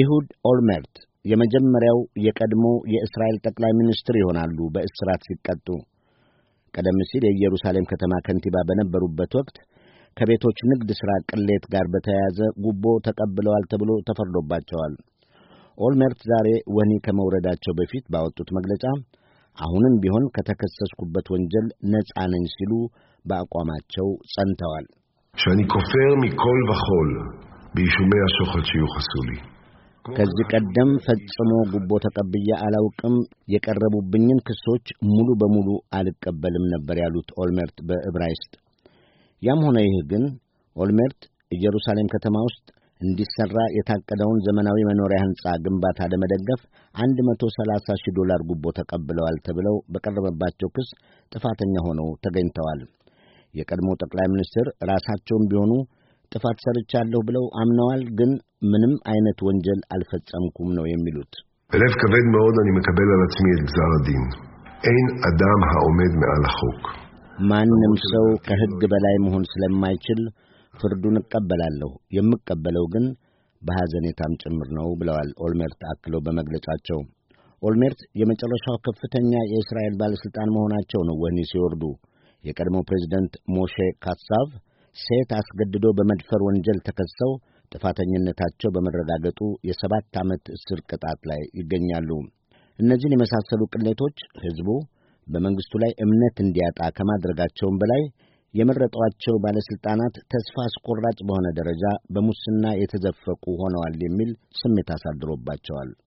ኢሁድ ኦልሜርት የመጀመሪያው የቀድሞ የእስራኤል ጠቅላይ ሚኒስትር ይሆናሉ በእስራት ሲቀጡ። ቀደም ሲል የኢየሩሳሌም ከተማ ከንቲባ በነበሩበት ወቅት ከቤቶች ንግድ ሥራ ቅሌት ጋር በተያያዘ ጉቦ ተቀብለዋል ተብሎ ተፈርዶባቸዋል። ኦልሜርት ዛሬ ወህኒ ከመውረዳቸው በፊት ባወጡት መግለጫ አሁንም ቢሆን ከተከሰስኩበት ወንጀል ነጻ ነኝ ሲሉ በአቋማቸው ጸንተዋል። שאני כופר מכל וכול באישומי השוחד ከዚህ ቀደም ፈጽሞ ጉቦ ተቀብዬ አላውቅም፣ የቀረቡብኝን ክሶች ሙሉ በሙሉ አልቀበልም ነበር ያሉት ኦልሜርት በዕብራይስጥ። ያም ሆነ ይህ ግን ኦልሜርት ኢየሩሳሌም ከተማ ውስጥ እንዲሠራ የታቀደውን ዘመናዊ መኖሪያ ሕንፃ ግንባታ ለመደገፍ 130 ሺህ ዶላር ጉቦ ተቀብለዋል ተብለው በቀረበባቸው ክስ ጥፋተኛ ሆነው ተገኝተዋል። የቀድሞ ጠቅላይ ሚኒስትር ራሳቸውም ቢሆኑ ጥፋት ሰርቻለሁ ብለው አምነዋል፣ ግን ምንም አይነት ወንጀል አልፈጸምኩም ነው የሚሉት። በልብ ከበድ מאוד אני מקבל על עצמי את גזר הדין. אין אדם העומד מעל החוק. ማንም ሰው ከሕግ በላይ መሆን ስለማይችል ፍርዱን እቀበላለሁ። የምቀበለው ግን በሐዘኔታም ጭምር ነው ብለዋል ኦልሜርት አክለው በመግለጫቸው። ኦልሜርት የመጨረሻው ከፍተኛ የእስራኤል ባለሥልጣን መሆናቸው ነው ወህኒ ሲወርዱ። የቀድሞ ፕሬዚደንት ሞሼ ካሳቭ ሴት አስገድዶ በመድፈር ወንጀል ተከሰው ጥፋተኝነታቸው በመረጋገጡ የሰባት ዓመት እስር ቅጣት ላይ ይገኛሉ። እነዚህን የመሳሰሉ ቅሌቶች ሕዝቡ በመንግሥቱ ላይ እምነት እንዲያጣ ከማድረጋቸውም በላይ የመረጧቸው ባለሥልጣናት ተስፋ አስቆራጭ በሆነ ደረጃ በሙስና የተዘፈቁ ሆነዋል የሚል ስሜት አሳድሮባቸዋል።